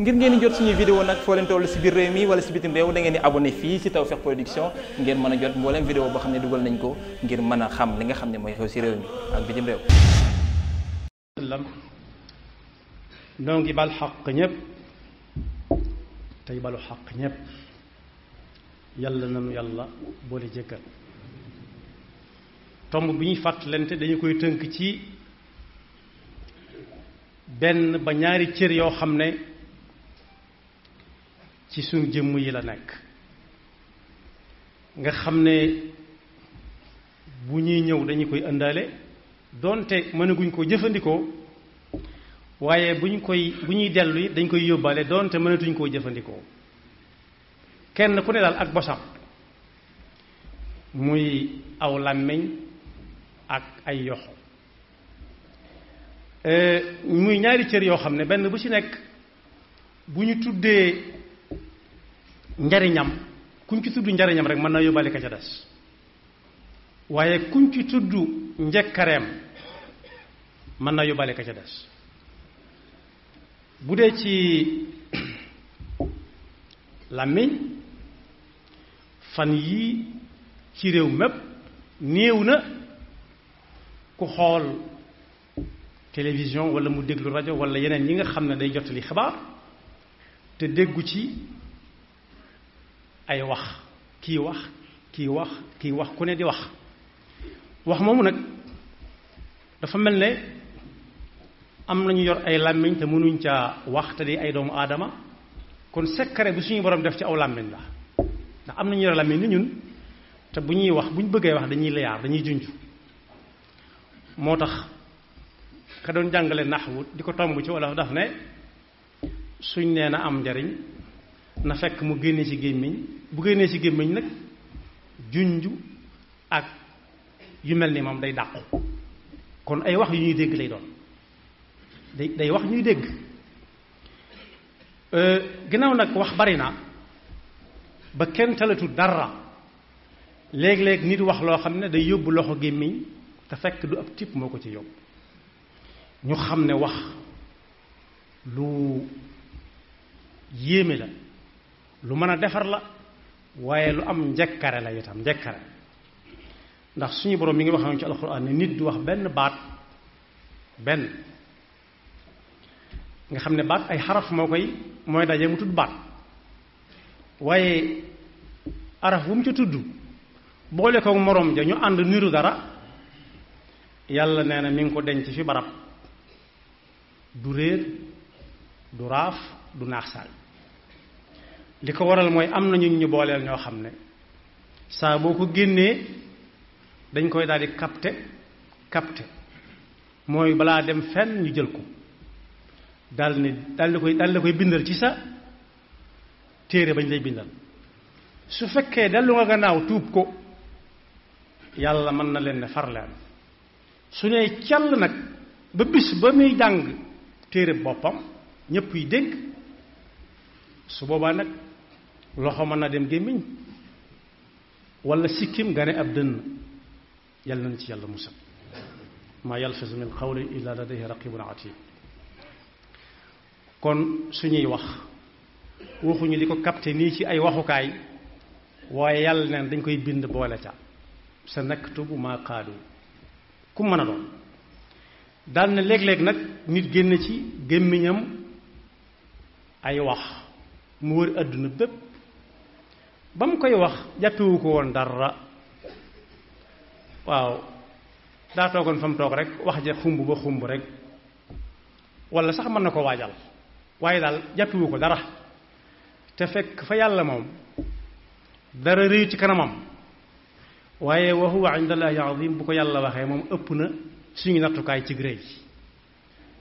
ngir ngeen jot suñu vidéo nag foo leen toll si biir réew mi wala si bitim réew da ngeen di abonné fii si Tawfekh Production ngeen mën a jot mbooleem vidéo boo xam ne dugal nañ ko ngir mën a xam li nga xam ne mooy xew si réew mi ak bitim réew lam xaq ñëpp tey xaq ñëpp yàlla nanu yàlla boole jëkkal tomb bi ñuy fàttalante dañu koy tënk ci benn ba ñaari cër yoo xam ne ci suñu jëmm yi la nekk nga xam ne bu ñuy ñëw dañu koy ëndaale donte mënaguñ koo jëfandikoo waaye bu ñu koy bu ñuy dellu it dañ koy yóbbaale donte mënatuñ koo jëfandikoo kenn ku ne daal ak bosam muy aw làmmiñ ak ay yoxo euh, muy ñaari cër yoo xam ne benn bu ci nekk bu ñu tuddee njariñam kuñ ci tudd njariñam rek mën naa yóbbaale ka ca des waaye kuñ ci tudd njekkareem mën naa yóbbaale ka ca des bu dee ci làmmiñ fan yi ci réew mépp néew na ku xool télévision wala mu déglu rajo wala yeneen yi nga xam ne day jottali xibaar te déggu ci ay wax kii wax kii wax kii wax ku ne di wax wax moomu nag dafa mel ne am nañu yor ay làmmiñ te mënuñ ca wax te di ay doomu aadama kon secret bi suñu borom def ci aw làmmiñ la ndax am nañu yor làmmiñ ni ñun te bu ñuy wax bu ñu bëggee wax dañuy layaar dañuy junj moo tax ka doon jàngale naxwu di ko tomb ci wala daf ne suñ nee na am njariñ na fekk mu génnee ci gémmiñ bu génnee ci gémmiñ nag junj ak yu mel ni moom day dàqu kon ay wax yu ñuy dégg lay doon day day wax ñuy dégg euh, ginnaaw nag wax bari na ba kenn talatu dara léeg-léeg nit wax loo xam ne day yóbbu loxo gémmiñ te fekk du ab tipp moo ko ci yóbbu ñu xam ne wax lu yéeme la lu mën a defar la waaye lu am njekkare la itam njekkare ndax suñu borom mi ngi waxoon ci alxuraan ne nit du wax benn baat benn nga xam ne baat ay xaraf moo koy mooy daje mu tudd baat waaye araf bu mu ca tudd boole ko moroom ja ñu ànd niru dara yàlla nee na mi ngi ko denc fi barab du réer du raaf du naax saay li ko waral mooy am na ñu ñu booleel ñoo xam ne saa boo ko génnee dañ koy daal di capté capté mooy balaa dem fenn ñu jël ko dal ni daal koy daal koy bindal ci sa téere bañ lay bindal su fekkee dellu nga gannaaw tuub ko yàlla mën na leen ne far leen su nee càll nag ba bis ba muy jàng téere boppam ñépp yi dégg su boobaa nag loxo mën naa dem gémmiñ wala sikkim nga ne ab dënn yàlla nañ ci yàlla musal maa yalfisu min qawli illa ladayhi raqibun atid kon suñuy wax waxuñu di ko capté nii ci ay waxukaay waaye yàlla neen dañ koy bind boole ca sa naktubu maa qaalu ku mën a doon daal na léeg-léeg nag nit génn ci gémmiñam ay wax mu wër àdduna bépp ba mu koy wax jàppewu ko woon dara waaw daa toogoon fa mu toog rek wax ja xumb ba xumb rek wala sax mën na ko waajal waaye daal jàppewu ko dara te fekk fa yàlla moom dara rëy ci kanamam waaye wa huwa indallahi azim bu ko yàlla waxee moom ëpp na suñu nattukaay ci rëy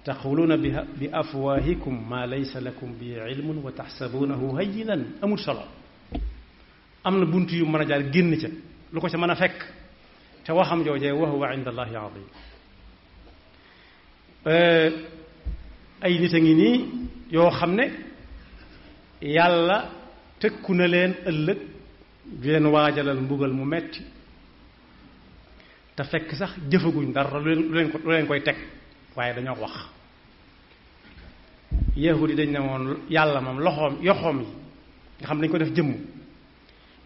taquluuna bi bi afwahikum ma laysa lakum bi ilmun wa taxsabunahu hayyinan amul solo am na bunt yu man a jaar génn ca lu ko ca mën a fekk te waxam joojee wa huwa inda allahi ay nit a ngi nii yoo xam ne yàlla tëkku na leen ëllëg ju leen waajalal mbugal mu metti te fekk sax jëfaguñ dara lu leen lu leen koy teg waaye dañoo wax yi dañ ne woon yàlla moom loxoom yoxoom yi nga xam dañ ko def jëmm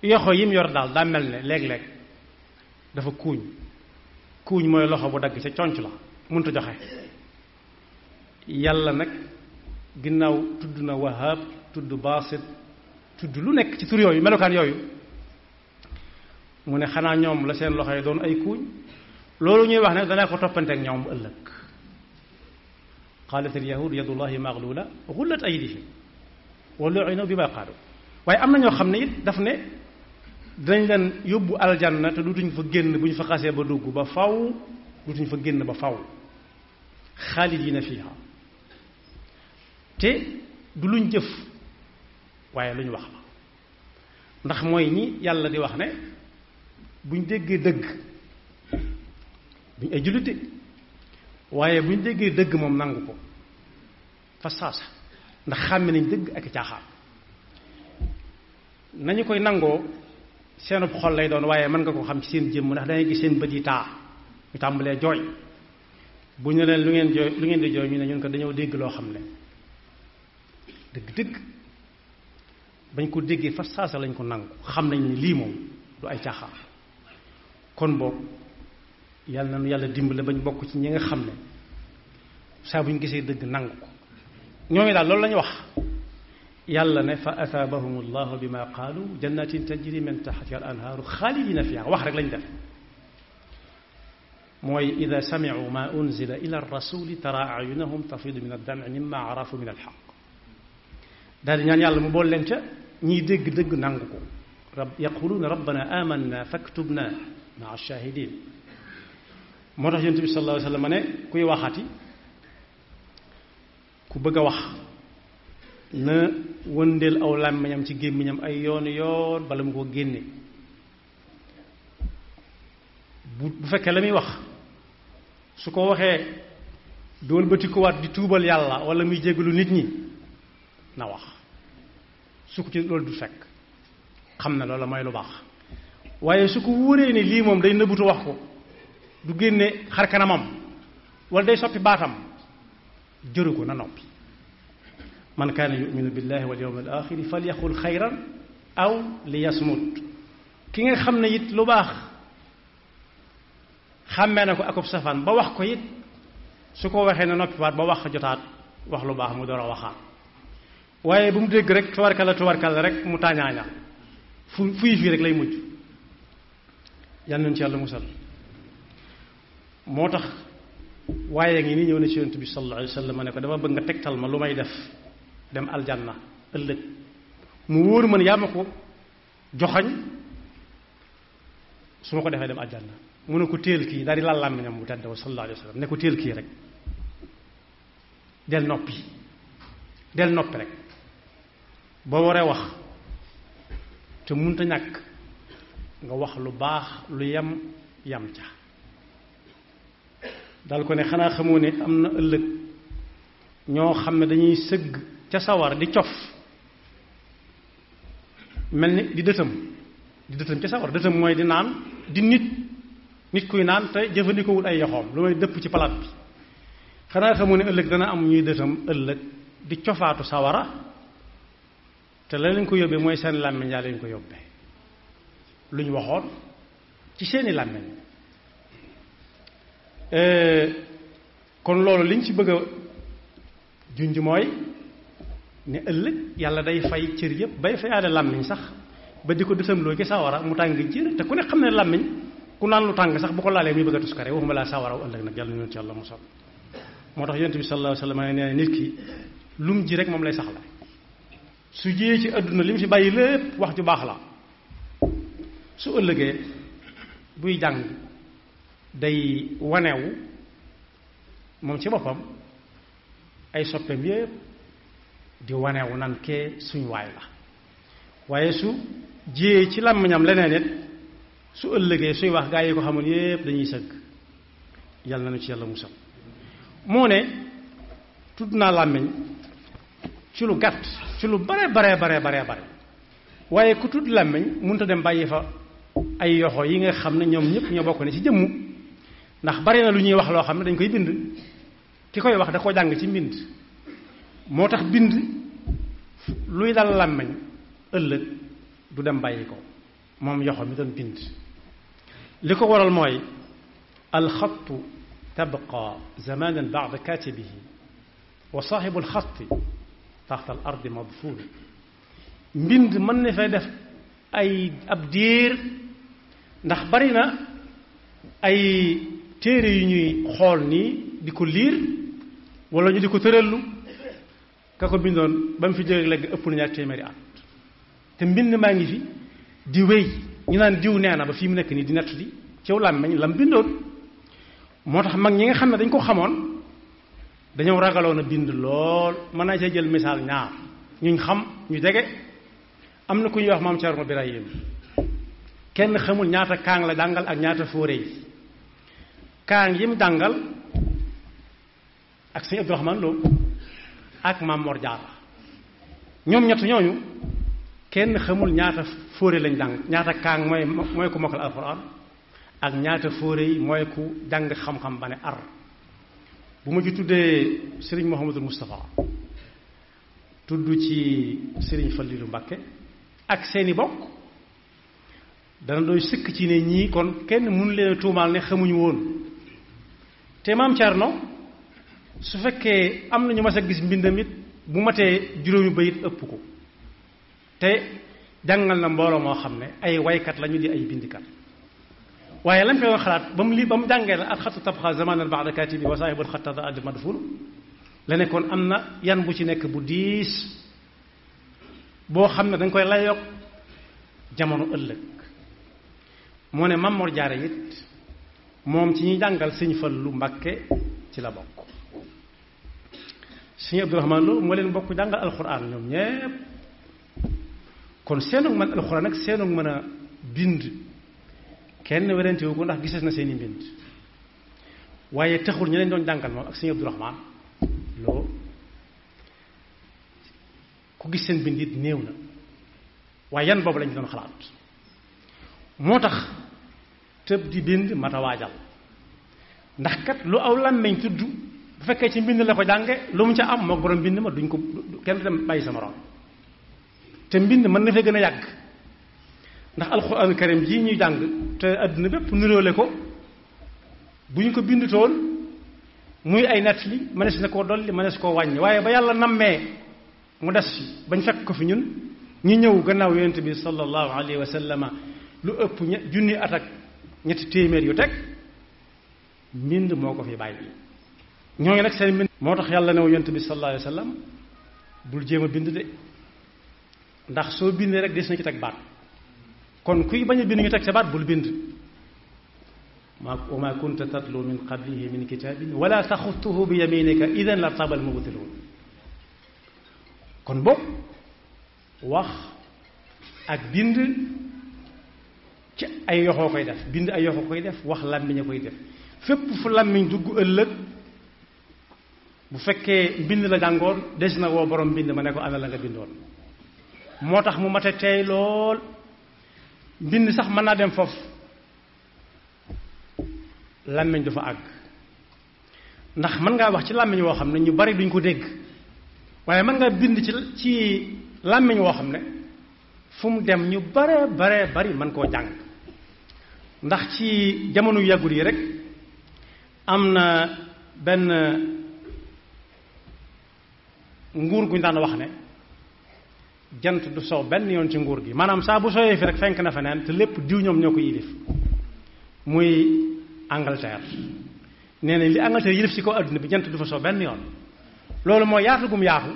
yoxo yim yor daal daa mel ne léeg-léeg dafa kuuñ kuuñ mooy loxo bu dagg ca conc la mënta joxe yàlla nag ginnaaw tudd na wahaab tudd baasit tudd lu nekk ci tur yooyu melokaan yooyu mu ne xanaa ñoom la seen loxo yi doon ay kuuñ loolu ñuy wax nag danaa ko toppante ak ñoom ëllëg qaalat alyahud yadullahi maglula gullat aydihim wa waaye am na ñoo xam ne it daf ne dinañ leen yóbbu na te dutuñ fa génn bu ñu fa xasee ba dugg ba faw dutuñ fa génn ba faw xaalidina fiha te du luñ jëf waaye luñ wax la ndax mooy ñi yàlla di wax ne buñ déggee dëgg duñ ay jullite waaye buñ déggee dëgg moom nangu ko fa saasa ndax xàmme nañ dëgg ak caaxaan nañu koy nangoo seenub xol lay doon waaye mën nga ko xam ci seen jëmm ndax dangay gis seen bët yi taa ñu tàmbalee jooy bu ñu leen lu ngeen jooy lu ngeen di jooy ñu ne ñun ko dañoo dégg loo xam ne dëgg-dëgg bañ ko déggee fa saasa lañ ko nangu xam nañ ni lii moom du ay caaxaan kon boog yàlla nañu yàlla dimbale bañ bokk ci ñi nga xam ne saa bu ñu gisee dëgg nangu ko ñoom daal loolu lañu wax yàlla ne fa asaabahum allahu bi ma qaalu jannatin tajri min taxtiha al anhaaru xaalidina fiha wax rek lañ def mooy ida samicu ma unzila ila rasuli tara ayunahum tafidu min addamci mimma arafu min alxaq daal di ñaan yàlla mu bool leen ca ñiy dégg dëgg nangu ko rab yaquluuna rabbana amanna faktubna maa shahidin moo tax yonent bi sallallahu alayhi wa sallam ne kuy waxati ku bëgg a wax na wëndeel aw làmmiñam ci gémmiñam ay yoon yoon bala mu ko génne bu bu fekkee la muy wax su ko waxee dool batikuwaat di tuubal yàlla wala muy jégalu nit ñi na wax su ko ci loolu du fekk xam na loola mooy lu baax waaye su ko wóoree ne lii moom day nëbbutu wax ko du génne xar walla day soppi baatam jëru ko na noppi man kaana yuminu billahi wal yawmil axiri falyaqul xayran aw li yasmut ki nga xam ne it lu baax xàmmee na ko akub safaan ba wax ko it su ko waxee ne noppiwaat ba wax jotaat wax lu baax mu door a waxaat waaye bu mu dégg rek tubarkalla tubarkalla rek mu tàñaaña fu fuy fii rek lay mujj yal nañ ci yàlla musal moo tax waaye ngi nii ñëw na ci yonent bi sallallahu alayhi wa sallam ne ko dama bëgg nga tegtal ma lu may def dem aljanna ëllëg mu wóor man yaa ma ko joxañ su ma ko defee dem aljanna mu ne ko téel kii daal di laal làmmiñam bu tedd rek del noppi del noppi rek boo wax te munta ñàkk nga wax lu baax lu yem yam ca dal ko ne xanaa xamoo ne am na ëllëg ñoo xam ne dañuy sëgg ca sawara di cof mel ni di dëtëm di dëtëm ca sawar dëtëm mooy di naan di nit nit kuy naan te jëfandikoowul ay yoxoom lu may dëpp ci palaat bi xanaa xamu ne ëllëg dana am ñuy dëtëm ëllëg di cofaatu sawara te la lañ ko yóbbee mooy seen làmmiñ yaa lañ ko yóbbee lu waxoon ci seeni làmmiñ eh, kon loolu liñ ci bëgg a mooy ne ëllëg yàlla day fay cër yëpp bay fayaale làmmiñ sax ba di ko dësamloo ki saawara mu tàng jër te ku ne xam ne làmmiñ ku naan lu tàng sax bu ko laalee muy bëgg a tuskare waxuma laa sawaraw ëllëg nag yàlla ñun ci yàlla musal moo tax yonent bi sallallahu alayhi wa sallam nit ki ji rek moom lay saxla su jiyee ci àdduna li mu si bàyyi lépp wax ju baax la su ëllëgee buy jàng day wanewu moom ci boppam ay soppeem yépp di wanewu nan kee suñ la waaye su jiyee ci làmmiñam leneen it su ëllëgee suy wax gaa yi ko xamoon yépp dañuy sëgg yàlla na nu ci yàlla musal moo ne tudd naa làmmiñ ci lu gàtt ci lu bare bare bare bare waaye ku tudd làmmiñ mënut dem bàyyi fa ay yoxo yi nga xam ne ñoom ñëpp ñoo bokk ne ci jëmm ndax bari na lu ñuy wax loo xam ne dañ koy bind ki koy wax da koo jàng ci mbind moo tax bind luy dal làmmiñ ëllëg du dem bàyyi ko moom yoxo mi doon bind li ko waral mooy alxattu tabqa zamanan baada katibihi wa saaxibu alxatti taxta al ardi madful mbind mën na fay def ay ab diir ndax bari na ay téere yu ñuy xool nii di ko liir walla ñu di ko tërallu ka ko bindoon ba mu fi jógee léegi ëpp na ñaar téeméeri at te mbind maa ngi fi di wéy ñu naan diw nee na ba fii mu nekk nii di nett di ciw làmmiñ lam bindoon moo tax mag ñi nga xam ne dañ ko xamoon dañoo ragaloon a bind lool mën naa see jël misaal ñaar ñuñ xam ñu jege am na ku ñuy wax maam Cerno Birahim kenn xamul ñaata kaang la dàngal ak ñaata fóore yi kaang yi mu dàngal ak sëñ Abdurahmaan Lo ak Maam Mor Jaara ñoom ñett ñooñu kenn xamul ñaata fóore lañ jàng ñaata kaang mooy mooy ku mokkal alxuraan ak ñaata fóore yi mooy ku jàng xam-xam ba ne ar bu ma ci tuddee sëriñ Mouhamadul Moustapha tudd ci Serigne Fallilu Mbàkke ak seeni bokk dana doy sëkk ci ne ñii kon kenn mënu leen a tuumaal ne xamuñu woon te maam Thierno su fekkee am na ñu mas a gis mbindam it bu matee juróomi bayit ëpp ko te jàngal na mbooloo moo xam ne ay waykat lañu di ay bindikat waaye lam koy wax xalaat ba mu li ba mu jàngee la ak xatu tabxa zamanan ba'da katibi wa saahibul xattada ad madfun la nekkoon am na yan bu ci nekk bu diis boo xam ne dañ koy layoog jamono ëllëg moo ne Mamor Jaara it moom ci ñuy jàngal sëñ lu Mbàkke ci la bokk sëñ Abdourahmane Lo moo leen bokk jàngal alxuraan ñoom ñépp kon seenug mën alxuraan ak seenug mën a bind kenn werantewu ko ndax gises na seeni mbind waaye taxul ñu leen doon jàngal moom ak sëñ Abdourahmane Lo ku gis seen bind it néew na waaye yan boobu lañu doon xalaat moo tax tëb di bind mata waajal ndax kat lu aw làmmeñ tudd bu fekkee ci mbind la ko jànge lu mu ca am mook borom mbind ma duñ ko kenn dem bàyyi sa morom te mbind mën na fee gën a yàgg ndax alxuraanu karim jii ñuy jàng te àdduna bépp nuróole ko bu ñu ko bindutoon muy ay nett li mënees na koo dolli mënees koo wàññi waaye ba yàlla nammee mu des fi bañ fekk ko fi ñun ñu ñëw gannaaw yonent bi sallallahu alayhi wa sallama lu ëpp ñe junni at ak ñetti téeméer yu teg mbind moo ko fi bàyyi ñooñu nag seen mbind moo tax yàlla ne yonent bi sallallahu alayhi wa sallam a bind ndax soo bindee rek des na ci teg baat kon kuy bañ a bind ñu teg sa baat bul bind ma wa ma kunta tatlu min qablihi min kitabin wala taxuttuhu bi yaminika idan la tabal mubtilun kon boog wax ak bind ci ay yoxoo koy def bind ay yoxoo koy def wax làmmiñ a koy def fépp fu làmmiñ dugg ëllëg bu fekkee mbind la jàngoon des na woo borom mbind ma ne ko ana la nga bindoon moo tax mu mate teey lool mbind sax mën naa dem foofu làmmiñ du fa àgg ndax mën ngaa wax ci làmmiñ woo xam ne ñu bari duñ ko dégg waaye mën ngaa bind ci ci làmmiñ woo xam ne fu mu dem ñu bare bare bari mën koo jàng ndax ci jamono yàggul yi rek am na benn nguur guñ daan wax ne jant du soow benn yoon ci nguur gi maanaam saa bu sooyee fi rek fenk na feneen te lépp diw ñoom ñoo ko yilif muy Angleterre nee na li Angleterre yilif si ko àdduna bi jant du fa soow benn yoon loolu moo yaatu gum yaatu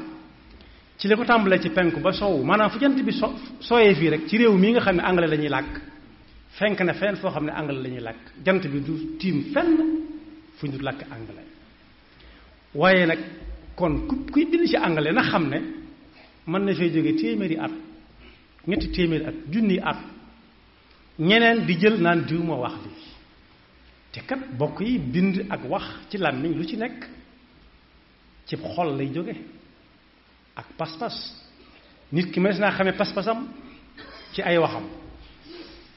ci li ko tàmbalee ci penku ba soowu maanaam fu jant bi so sooyee fii rek ci réew mii nga xam ne anglais la ñuy làkk fenk na feneen foo xam ne anglais la ñuy làkk jant bi du tiim fenn fu ñu làkk anglais waaye nag kon ku kuy bind ci anglais na xam ne mën na fee jóge téeméeri at ñetti téeméeri at junni at ñeneen di jël naan diw moo wax bi te kat bokk yi bind ak wax ci làmmiñ lu ci nekk ci xol lay jóge ak pas-pas nit ki mënees naa xame pas-pasam ci ay waxam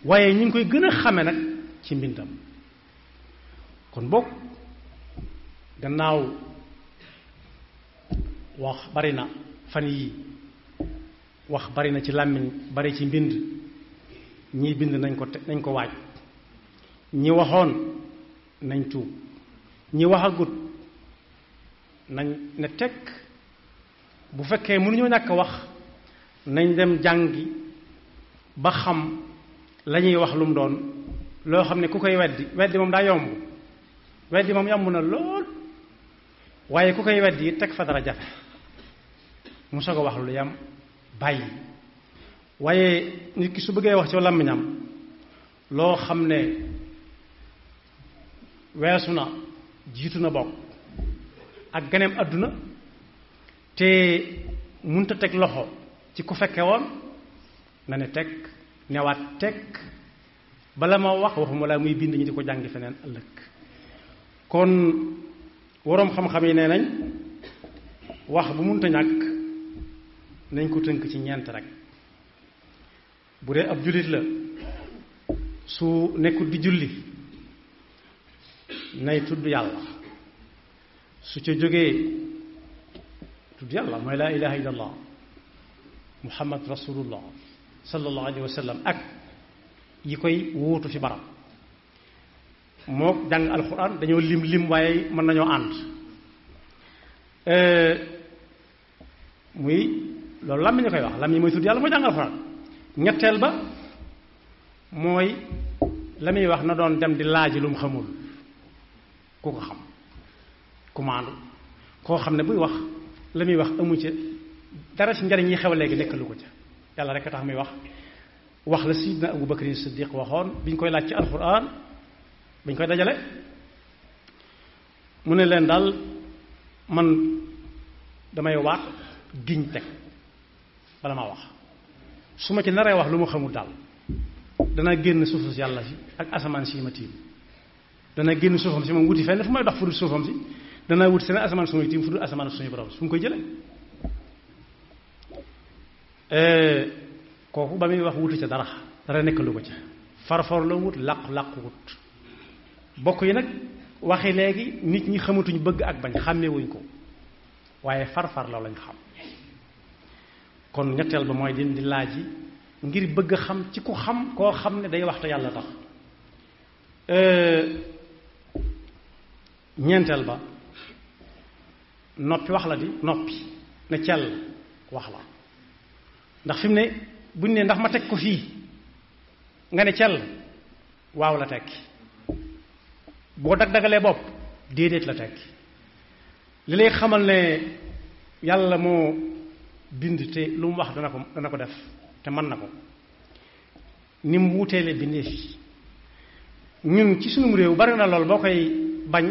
waaye ñu ngi koy gën a xame nag ci mbindam kon bokk gannaaw wax bari na fan yii wax bari na ci làmmiñ bari ci mbind ñii bind nañ ko nañ ko waaj ñi waxoon nañ tuub ñi waxagut nañ ne tekk bu fekkee mënuñoo ñàkk wax nañ dem jàngi ba xam la ñuy wax lu mu doon loo xam ne ku koy weddi weddi moom daa yomb weddi moom yomb na lool waaye ku koy weddi teg fa dara jafe mu soog a wax lu yam bàyyi waaye nit ki su bëggee wax ci làmmiñam loo xam ne weesu na jiitu na bokk ak ganeem àdduna te munta teg loxo ci ku fekke woon na ne teg newaat teg bala ma wax waxuma laa muy bind ñi di ko jàngi feneen ëllëg kon waroom xam-xam yi nee nañ wax bu munta ñàkk nañ ko tënk ci ñeent rek bu dee ab jullit la su nekkul di julli nay tudd yàlla su ca jógee tudd yàlla mooy laa ilaha illallah muhammad rasulullah sallallahu ak yi koy wuutu fi barab moo jàng alxuraan dañoo lim lim waaye mën nañoo ànd muy loolu lam mi koy wax lam yi mooy tudd yàlla mooy jàng alxuraan ñetteel ba mooy la muy wax na doon dem di laaji lu mu xamul ku ko xam commande koo xam ne buy wax la muy wax amu ca dara ci njariñ yi xew léegi nekkalu ko ca yàlla rek tax muy wax wax la sidna Abu Bakrin Siddiq waxoon bi ñu koy laaj ci alxuraan bi ñu koy dajale mu ne leen daal man damay waat giñ teg bala maa wax su ma ci naree wax lu ma xamul daal dana génn suufu yàlla si ak asamaan si ma tiim dana génn suufam si moom wuti fenn fu may dox fu dul suufam si danaa wuti fenn asamaan su tiim fu dul asamaan suñu borom fu mu ko jëlee eh, kooku ba muy wax wuti ca dara dara nekk lu ko ca farfor la wut làqu làqu wut bokk yi nag waxi léegi nit ñi xamatuñ bëgg ak bañ xàmmewuñ ko waaye farfar loo lañ xam kon ñetteel ba mooy din di laaj yi ngir bëgg xam ci ku xam koo xam ne day wax te yàlla tax euh, ñeenteel ba noppi wax la di noppi ne cell wax la ndax fi mu ne buñ ne ndax ma teg ko fii nga ne cell waaw la tekki boo dag-dagalee bopp déedéet la tekki li lay xamal ne yàlla moo bind te lu mu wax dana ko dana ko def te man na ko ni mu wuuteele bindee fi ñun ci sunum réew bari na lool boo koy bañ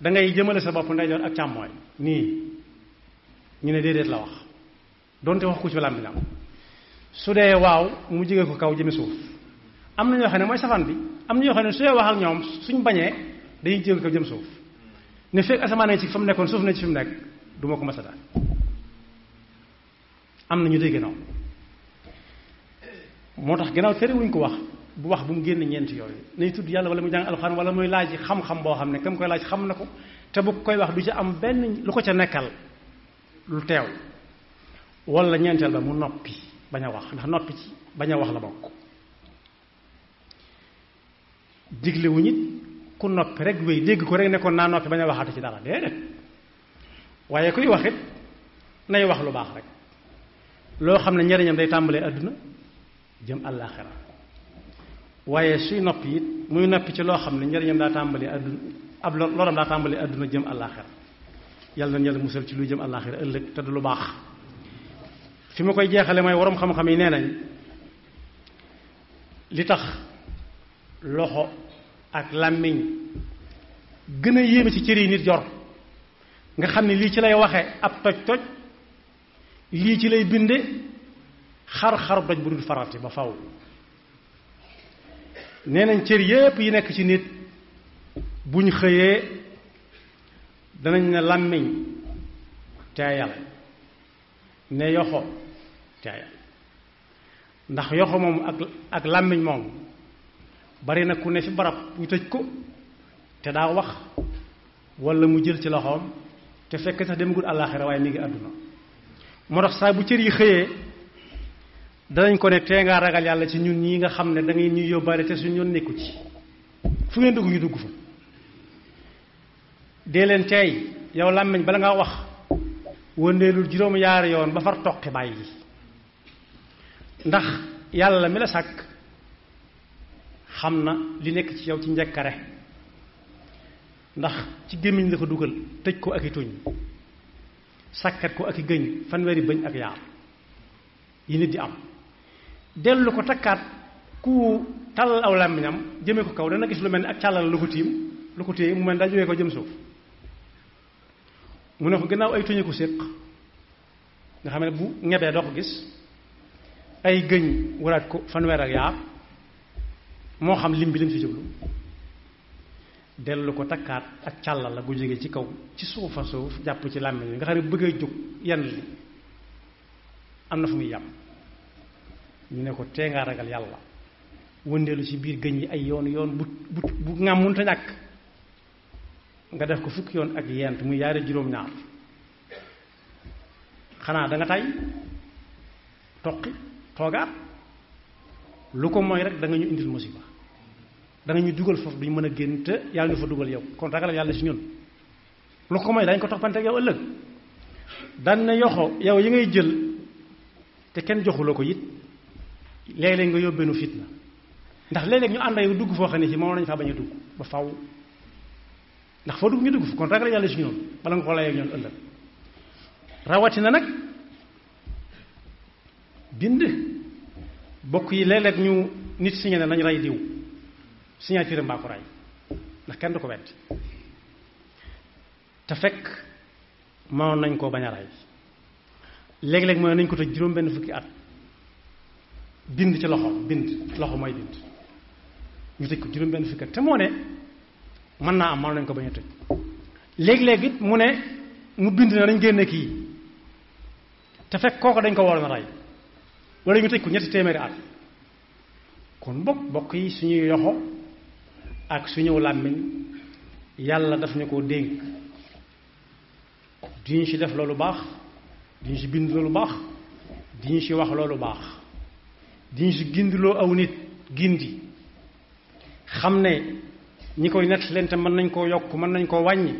dangay jëmale sa bopp nday ndeyjoor ak càmmooy nii ñu ne déedéet la wax donte wax ko ci làmbinam su dee waaw mu jege ko kaw jëme suuf am na ñoo xam ne mooy safaan bi am na ñoo xam ne su dee wax ak ñoom suñ bañee dañuy jege ko kaw jëm suuf ne fekk asamaan ci fa mu nekkoon suuf na ci fi mu nekk duma ko masa daal am na ñu tey gannaaw moo tax gannaaw tere wuñ ko wax bu wax bu mu génn ñeent yooyu nay tudd yàlla wala muy jàng alxuraan wala muy laaj xam-xam boo xam ne kam koy laaj xam na ko te bu koy wax du ci am benn lu ko ca nekkal lu teew wala ñeenteel ba mu noppi bañ a wax ndax noppi bañ a wax la bokk digle wuñ it ku noppi rek wéy dégg ko rek nekkoon naa noppi bañ a waxaatu ci dara déedéet waaye kuy wax it nay wax lu baax rek loo xam ne njariñam day tàmbalee àdduna jëm àllaaxira waaye suy noppi it muy noppi ci loo xam ne njariñam daa tàmbalee àdduna ab loram daa tàmbalee àdduna jëm àllaaxira yàlla na yàlla musal ci luy jëm àllaaxira ëllëg te du lu baax fi ma koy jeexale mooy waroom xam-xam yi nee nañ li tax loxo ak làmmiñ gën a yéeme ci cër yi nit jor nga xam ne lii ci lay waxe ab toj toj lii ci lay binde xar-xar doj bu dul faranti ba faw nee nañ cër yépp yi nekk ci nit bu ñu xëyee danañ ne làmmiñ teeyal ne yoxo teeyal ndax yoxo moom ak ak làmmiñ moom bari na ku ne fi barab ñu tëj ko te daa wax walla mu jël ci loxoom te fekk sax demagul àllaaxira waaye mi ngi àdduna moo tax saa bu cër yi xëyee danañ ko ne tee ngaa ragal yàlla ci ñun ñi nga xam ne da ñuy yóbbaale te suñu yoon nekku ci fu ngeen dugg ñu dugg fa dee leen teey yow làmmiñ bala ngaa wax wëndeelul juróom yaar yoon ba far toqi bàyyi ndax yàlla mi la sàkk xam na li nekk ci yow ci njëkkare ndax ci gémmiñ la ko dugal tëj ko ak i tuñ sakkat ko ak i gëñ fanweeri bëñ ak yaar yi nit di am dellu ko takkaat ku tàllal aw làmmiñam jëmee ko kaw dana gis lu mel ni ak càllal lu ko tiim lu ko téye mu mel daa jógee ko jëm suuf mu ne ko gannaaw ay tuñu ko séq nga xam ne bu ñebee doo ko gis ay gëñ waraat ko fanweer ak yaar moo xam lim bi lim ci jublu dellu ko takkaat ak càlla la bu jógee ci kaw ci suufa suuf jàpp ci làmmiñ nga xam ne bëgg a jóg yan li am na fu muy yàpp ñu ne ko tee ngaa ragal yàlla wëndeelu ci biir gëñ yi ay yoon yoon bu bu bu ñàkk nga def ko fukki yoon ak yent muy yaari juróom-ñaar xanaa danga nga tay toqi toogaat lu ko mooy rek danga ñu indil musiba ñu dugal foofu duñu mën a génn yàlla ñu fa dugal yow kon ragal yàlla si ñoon lu ko may dañ ko toppante ak yow ëllëg dan na yoxo yow yi ngay jël te kenn joxula ko it léeg-léeg nga yóbbeenu fitna ndax léeg ñu ànd ak yow dugg foo xam ne si moom nañ faa bañ a dugg ba faw ndax foo dugg ñu dugg fa kon yàlla si ñoon bala nga ko lay ak ñun ëllëg rawatina nag bind bokk yi léeg ñu nit si ñeneen nañ rey diw signature mbaa ko raay ndax kenn du ko weddi te fekk mënoon nañ koo bañ a raay léeg-léeg mooy nañ ko tëj juróom benn fukki at bind ci loxo bind loxo mooy bind ñu tëj ko juróom benn fukki at te moo ne mën naa am mënoon nañ ko bañ a tëj léeg-léeg mu ne mu bind na nañ génne kii te fekk kooku dañ ko waroon a rey wala ñu tëj ko ñetti téeméeri at kon bokk bokk yi suñuy yoxo ak suñu làmmiñ yàlla daf ñu ko dénk duñu ci def loolu baax duñu ci bind loolu baax duñu ci wax loolu baax duñu ci gindiloo aw nit gindi xam ne ñi koy nett leen mën nañ koo yokk mën nañ koo wàññi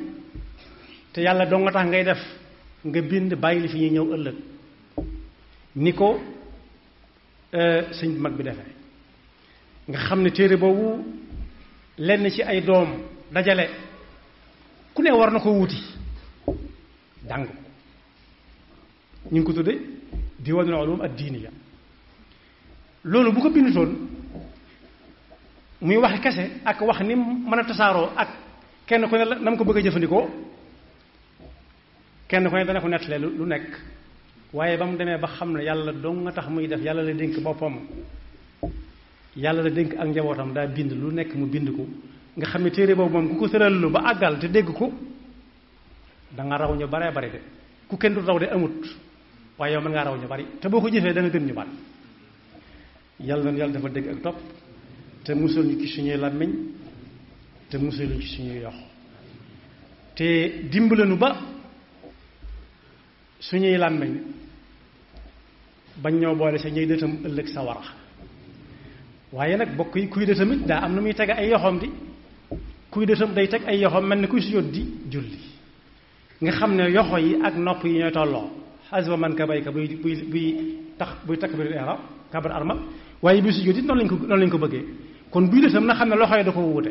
te yàlla doo nga tax ngay def nga bind bàyyi li fi ñu ñëw ëllëg ni ko euh, sëñ mag bi defee nga xam ne téere boobu lenn ci ay doom dajale ku ne war na ko wuti jàng ñu ngi ko tudde diiwaanul ak ad ya loolu bu ko bindutoon muy wax kese ak wax ni mën a tasaaroo ak kenn ku ne la na mu ko bëgg a jëfandikoo kenn ko ne dana ko nettalee lu nekk waaye ba mu demee ba xam ne yàlla doom nga tax muy def yàlla la dénk boppam yàlla la dénk ak njabootam daa bind lu nekk mu bind ko nga xam ne téere boobu moom ku ko tëral lu ba àggal te dégg ko danga raw ñu baree bari de ku kenn du raw de amut waaye yow mën ngaa raw ñu bari te boo ko jëfee da nga ñu bari yàlla na yàlla dafa dégg ak topp te musal ñu ci suñuy làmmiñ te musal ñu ci suñuy yox te dimbalanu ba suñuy làmmiñ bañ ñoo boole sa ñëy dëtam ëllëg sa wara waaye nag bokk yi kuy de daa am na muy teg ay yoxoom di kuy de day teg ay yoxoom mel ni kuy sujjóot di julli nga xam ne yoxo yi ak nopp yi ñooy tolloo xasba man ka bayka buy buy buy tax buy takbirul ihram kabar armal waaye buy sujjóot it noonu lañ ko noonu lañ ko bëggee kon buy de na xam ne loxo yi da ko wuute